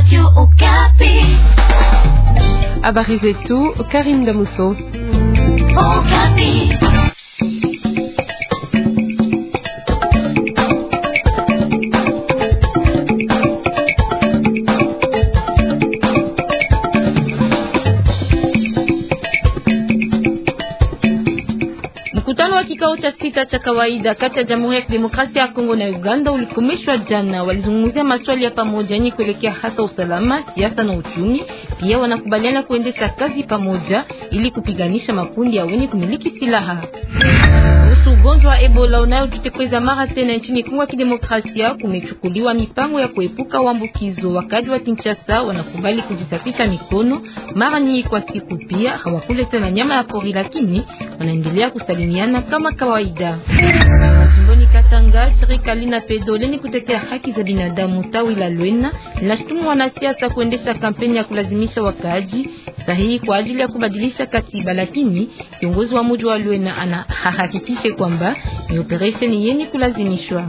Radio Okapi. Habari zetu, Karim Damuso. Okapi. Mkutano wa kikao cha sita cha kawaida kati ya Jamhuri ya Kidemokrasia ya Kongo na Uganda ulikomeshwa jana. Walizungumzia maswali ya pamoja yenye kuelekea hasa usalama, siasa na uchumi. Pia wanakubaliana kuendesha kazi pamoja ili kupiganisha makundi ya wenye kumiliki silaha kuhusu ugonjwa wa Ebola unayotutekweza mara tena nchini Kongo ya Kidemokrasia, kumechukuliwa mipango ya kuepuka uambukizo. Wakaji wa Kinshasa wanakubali kujisafisha mikono mara nyingi kwa siku, pia hawakule tena nyama ya pori, lakini wanaendelea kusalimiana kama kawaida. Jimboni Katanga, shirika lina pedo leni kutetea haki za binadamu tawi la Lwena linashutumu wanasiasa kuendesha kampeni ya kulazimisha wakaaji sahihi kwa ajili ya kubadilisha katiba, lakini kiongozi wa mji wa Lwena anahakikishe kwamba ni operesheni yenye kulazimishwa.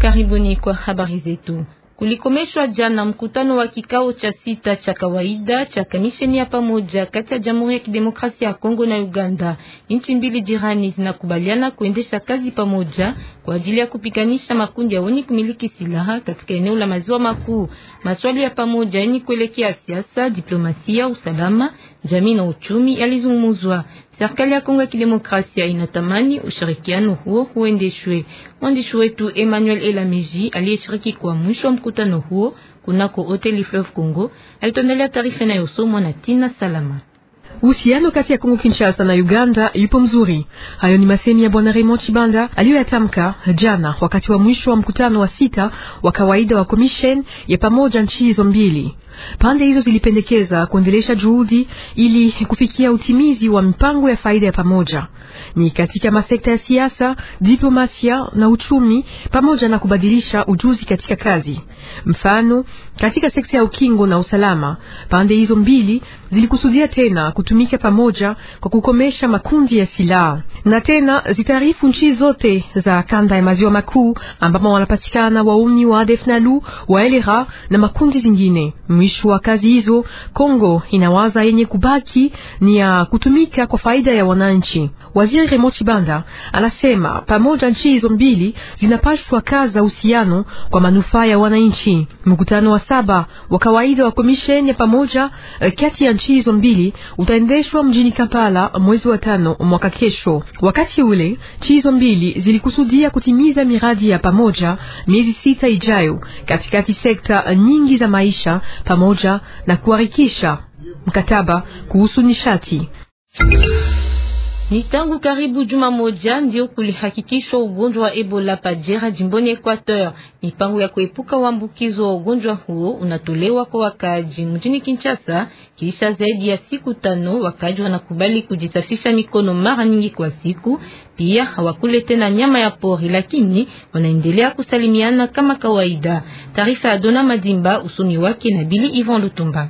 Karibuni kwa habari zetu kulikomeshwa jana mkutano wa kikao cha sita cha kawaida cha kamisheni ya pamoja kati ya Jamhuri ya Kidemokrasia ya Kongo na Uganda. Nchi mbili jirani zinakubaliana kuendesha kazi pamoja kwa ajili ya kupiganisha makundi ya wenye kumiliki silaha katika eneo la maziwa makuu. Maswali ya pamoja yenye kuelekea siasa, diplomasia, usalama, jamii na uchumi yalizungumzwa. Serikali ya Kongo ya Kidemokrasia inatamani ushirikiano huo huendeshwe. Mwandishi wetu Emmanuel Elamiji aliyeshiriki kwa mwisho mkutano huo kunako hoteli Fleuve Congo alitondelea taarifa inayosomwa na Tina Salama. Uhusiano kati ya Kongo Kinshasa na Uganda yupo mzuri. Hayo ni masemi ya Bwana Raymond Chibanda aliyoyatamka jana wakati wa mwisho wa mkutano wa sita wa kawaida wa commission ya pamoja nchi hizo mbili. Pande hizo zilipendekeza kuendelesha juhudi ili kufikia utimizi wa mipango ya faida ya pamoja, ni katika masekta ya siasa, diplomasia na uchumi, pamoja na kubadilisha ujuzi katika kazi. Mfano, katika sekta ya ukingo na usalama, pande hizo mbili zilikusudia tena kutu kutumika pamoja kwa kukomesha makundi ya silaha na tena zitaarifu nchi zote za kanda ya maziwa makuu ambamo wanapatikana waumni wa ADF NALU wa elera na makundi zingine. Mwisho wa kazi hizo, Kongo inawaza yenye kubaki ni ya kutumika kwa faida ya wananchi. Waziri Raymond Chibanda anasema pamoja nchi hizo mbili zinapashwa kaza uhusiano kwa manufaa ya wananchi. Mkutano wa saba wa kawaida wa komisheni ya pamoja eh, kati ya nchi hizo mbili uta itaendeshwa mjini Kampala mwezi wa tano mwaka kesho. Wakati ule nchi hizo mbili zilikusudia kutimiza miradi ya pamoja miezi sita ijayo katikati sekta nyingi za maisha pamoja na kuharikisha mkataba kuhusu nishati. Ni tangu karibu juma moja ndio kulihakikishwa ugonjwa wa Ebola pajera jimboni Equateur. Mipango ya kuepuka uambukizo wa ugonjwa huo unatolewa kwa wakaaji mjini Kinshasa. Kisha zaidi ya siku tano, wakaaji wanakubali kujisafisha mikono mara nyingi kwa siku. Pia hawakule tena nyama ya pori, lakini wanaendelea kusalimiana kama kawaida. Taarifa ya Dona Madimba, usomi wake na Bili Ivan Lutumba.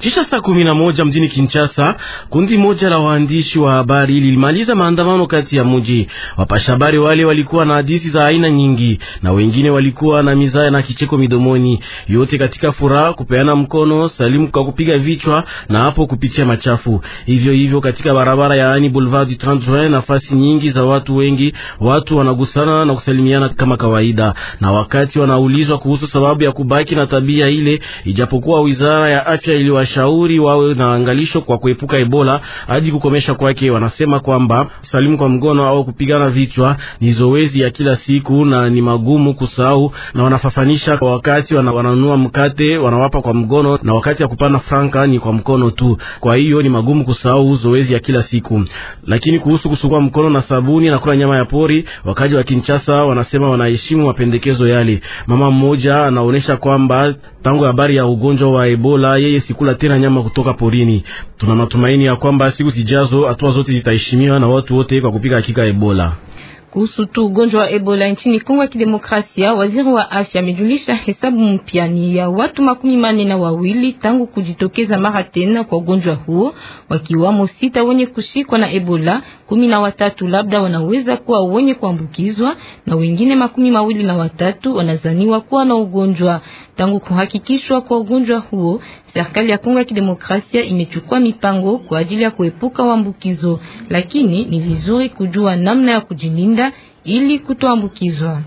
Kisha saa kumi na moja mjini Kinshasa, kundi moja la waandishi wa habari lilimaliza maandamano kati ya mji. Wapasha habari wale walikuwa na hadithi za aina nyingi, na wengine walikuwa na mizaa na kicheko midomoni, yote katika furaha, kupeana mkono, salimu kwa kupiga vichwa na hapo kupitia machafu. Hivyo hivyo katika barabara yaani Boulevard du 30 Juin, nafasi nyingi za watu wengi, watu wanagusana na kusalimiana kama kawaida, na wakati wanaulizwa kuhusu sababu ya kubaki na tabia ile, ijapokuwa wizara ya afya iliwa wanashauri wawe na angalisho kwa kuepuka Ebola hadi kukomesha kwake. Wanasema kwamba salimu kwa mgono au kupigana vichwa ni zoezi ya kila siku na ni magumu kusahau, na wanafafanisha kwa wakati wana, wananunua mkate wanawapa kwa mgono, na wakati ya kupana franka ni kwa mkono tu. Kwa hiyo ni magumu kusahau zoezi ya kila siku. Lakini kuhusu kusugua mkono na sabuni na kula nyama ya pori, wakaji wa Kinshasa wanasema wanaheshimu mapendekezo yale. Mama mmoja anaonyesha kwamba tangu habari ya ugonjwa wa Ebola yeye sikula tena nyama kutoka porini. Tuna matumaini ya kwamba siku zijazo hatua zote zitaheshimiwa na watu wote kwa kupiga hakika Ebola. Kuhusu tu ugonjwa wa Ebola nchini Kongo ya Kidemokrasia, waziri wa afya amejulisha hesabu mpya ni ya watu makumi manne na wawili tangu kujitokeza mara tena kwa ugonjwa huo, wakiwamo sita wenye kushikwa na Ebola, kumi na watatu labda wanaweza kuwa wenye kuambukizwa na wengine makumi mawili na watatu wanazaniwa kuwa na ugonjwa. Tangu kuhakikishwa kwa ugonjwa huo, Serikali ya Kongo ya Kidemokrasia imechukua mipango kwa ajili ya kuepuka uambukizo, lakini ni vizuri kujua namna ya kujilinda ili kutoambukizwa.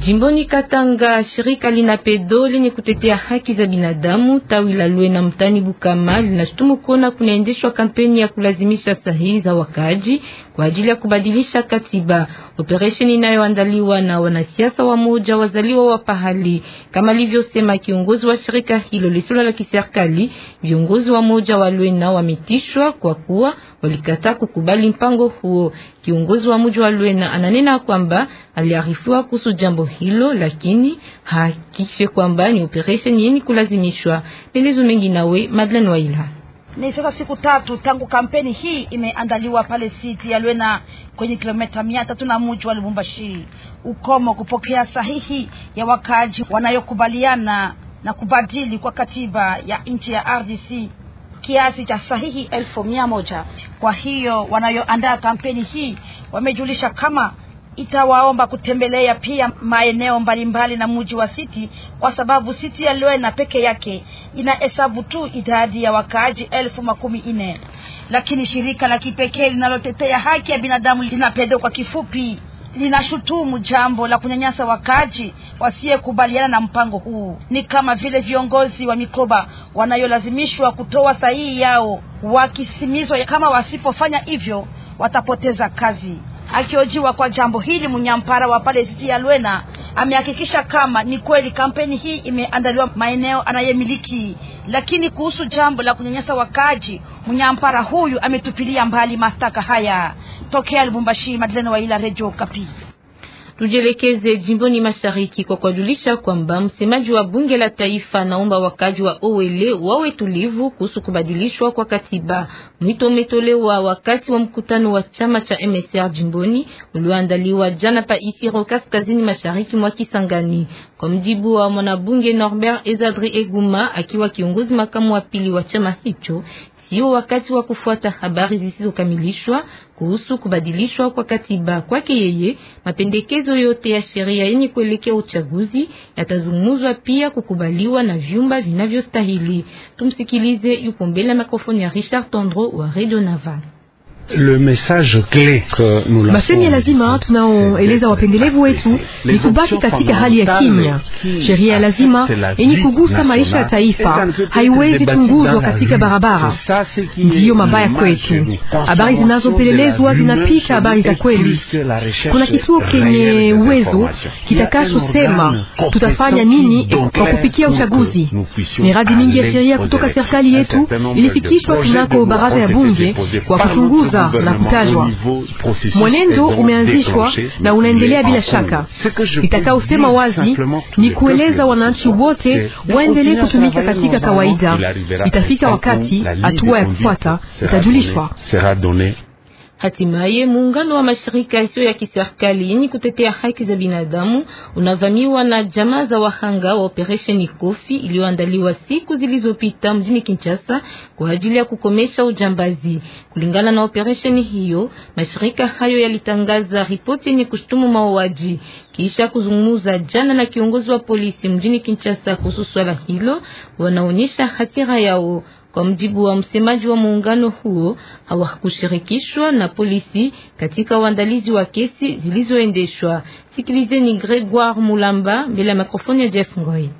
Jimboni Katanga, shirika lina pedo lenye kutetea haki za binadamu tawi la na mtani Bukama linashutumu kuona kunaendeshwa kampeni ya kulazimisha sahihi za wakaaji kwa ajili ya kubadilisha katiba, operesheni inayoandaliwa na wanasiasa wa moja wazaliwa wa pahali. Kama alivyosema kiongozi wa shirika hilo lisilo la kiserikali, viongozi wa moja wa na wametishwa kwa kuwa walikataa kukubali mpango huo. Kiongozi wa moja wa na ananena kwamba aliarifiwa kuhusu jambo hilo, lakini hakikishe kwamba ni operation yenye kulazimishwa. Pelezo mengi nawe Madeleine Waila. Ni sasa siku tatu tangu kampeni hii imeandaliwa pale siti ya Lwena kwenye kilomita mia tatu na mji wa Lubumbashi. Ukomo kupokea sahihi ya wakaaji wanayokubaliana na kubadili kwa katiba ya nchi ya RDC kiasi cha sahihi elfu mia moja. Kwa hiyo wanayoandaa kampeni hii wamejulisha kama itawaomba kutembelea pia maeneo mbalimbali na muji wa Siti kwa sababu Siti ya Luena peke yake inahesabu tu idadi ya wakaaji elfu makumi nne, lakini shirika la kipekee linalotetea haki ya binadamu linapedo kwa kifupi linashutumu jambo la kunyanyasa wakaaji wasiyekubaliana na mpango huu. Ni kama vile viongozi wa mikoba wanayolazimishwa kutoa sahihi yao wakisimizwa, kama wasipofanya hivyo watapoteza kazi. Akiojiwa kwa jambo hili, mnyampara wa ya Lwena amehakikisha kama ni kweli kampeni hii imeandaliwa maeneo anayemiliki, lakini kuhusu jambo la kunyanyasa wakaji, mnyampara huyu ametupilia mbali mastaka haya. Tokea Lubumbashi, Madlene Waila, redio Kapi. Tujelekeze jimboni mashariki kwa kuwajulisha kwamba msemaji wa bunge la taifa naomba wakaji wa Owele wawe tulivu kuhusu kubadilishwa kwa katiba. Mwito umetolewa wakati wa mkutano wa chama cha MSR jimboni ulioandaliwa jana pa Isiro, kaskazini mashariki mwa Kisangani. Kwa mjibu wa mwanabunge Norbert Ezadri Eguma, akiwa kiongozi makamu wa pili wa chama hicho, sio wakati wa kufuata habari zisizokamilishwa kuhusu kubadilishwa kwa katiba. Kwake yeye, mapendekezo yote ya sheria yenye kuelekea uchaguzi yatazungumzwa pia kukubaliwa na vyumba vinavyostahili. Tumsikilize, yupo mbele ya mikrofoni ya Richard Tondro wa Radio Naval. Le message clé que nous masemi ya lazima tunaoeleza wapendelevu wetu ni kubaki katika hali ya kimya. Sheria ya lazima yenye kugusa maisha ya taifa haiwezi tunguzwa katika barabara, ndiyo mabaya kwetu. Habari zinazopelelezwa zinapisha habari za kweli. Kuna kituo kenye uwezo kitakachosema tutafanya nini kwa kufikia uchaguzi. Miradi mingi ya sheria kutoka serikali yetu ilifikishwa kunako baraza ya bunge kwa kuchunguza kuhusika na kutajwa. Mwenendo umeanzishwa na unaendelea bila shaka. Itakaosema wazi ni kueleza wananchi wote waendelee kutumika katika kawaida. Itafika wakati hatua ya kufuata itajulishwa. Hatimaye muungano wa mashirika yasiyo ya kiserikali yenye kutetea haki za binadamu unavamiwa na jamaa za wahanga wa operesheni Kofi iliyoandaliwa siku zilizopita mjini Kinshasa kwa ajili ya kukomesha ujambazi. Kulingana na operesheni hiyo, mashirika hayo yalitangaza ripoti yenye kushtumu mauaji. Kisha kuzungumza jana na kiongozi wa polisi mjini Kinshasa kuhusu swala hilo, wanaonyesha hasira yao. Kwa mjibu wa msemaji wa muungano huo, hawakushirikishwa na polisi katika uandalizi wa kesi zilizoendeshwa. Sikilizeni Gregoire Mulamba mbele ya mikrofoni ya Jeff Ngoi.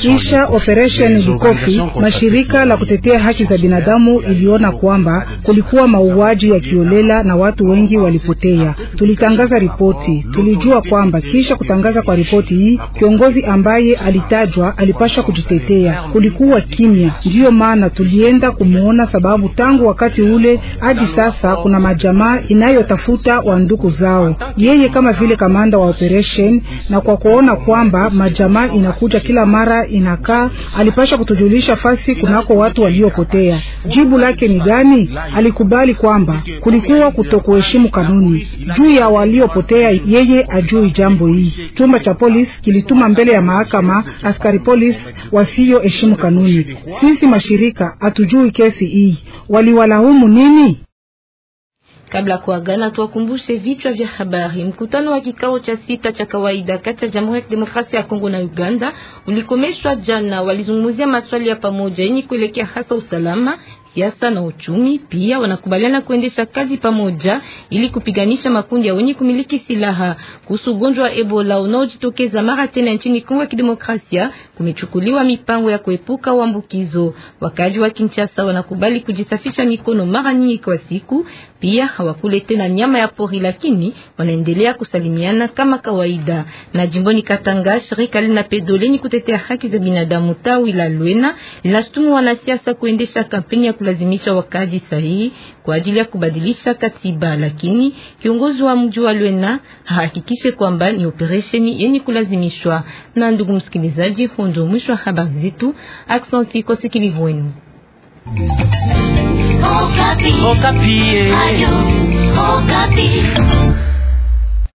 Kisha operesheni Bukofi, mashirika la kutetea haki za binadamu iliona kwamba kulikuwa mauaji ya kiolela na watu wengi walipotea. Tulitangaza ripoti, tulijua kwamba kisha kutangaza kwa ripoti hii kiongozi ambaye alitajwa alipasha kujitetea. Kulikuwa kimya, ndiyo maana tulienda kumwona, sababu tangu wakati ule hadi sasa kuna majamaa inayotafuta wa nduku zao, yeye kama vile kamanda wa operesheni, na kwa kuona kwamba majamaa inakuja inakuja kila mara inakaa, alipasha kutujulisha fasi kunako watu waliopotea. Jibu lake ni gani? Alikubali kwamba kulikuwa kutokuheshimu kanuni juu ya waliopotea, yeye ajui jambo hii. Chumba cha polisi kilituma mbele ya mahakama askari polisi wasioheshimu kanuni. Sisi mashirika hatujui kesi hii, waliwalaumu nini? Kabla ya kuagana, tuwakumbushe vichwa vya habari. Mkutano wa kikao cha sita cha kawaida kati ya Jamhuri ya Kidemokrasia ya Kongo na Uganda ulikomeshwa jana. Walizungumzia maswali ya pamoja yenye kuelekea hasa usalama, siasa na uchumi. Pia wanakubaliana kuendesha kazi pamoja ili kupiganisha makundi ya wenye kumiliki silaha. Kuhusu ugonjwa wa Ebola unaojitokeza mara tena nchini Kongo ya Kidemokrasia, kumechukuliwa mipango ya kuepuka uambukizo. Wakaji wa Kinshasa wanakubali kujisafisha mikono mara nyingi kwa siku. Pia hawakule tena nyama ya pori, lakini wanaendelea kusalimiana kama kawaida. Na jimboni Katanga, shirika lina linapedoleni kutetea haki za binadamu tawi la Lwena linashutumu wanasiasa kuendesha kampeni ya kulazimisha wakazi sahihi kwa ajili ya kubadilisha katiba, lakini kiongozi wa mji wa Lwena ahakikishe kwamba ni operesheni yenye kulazimishwa. Na ndugu msikilizaji, huo ndio mwisho wa habari zetu. Aksanti kwa usikilivu wenu. Okapi. Okapi.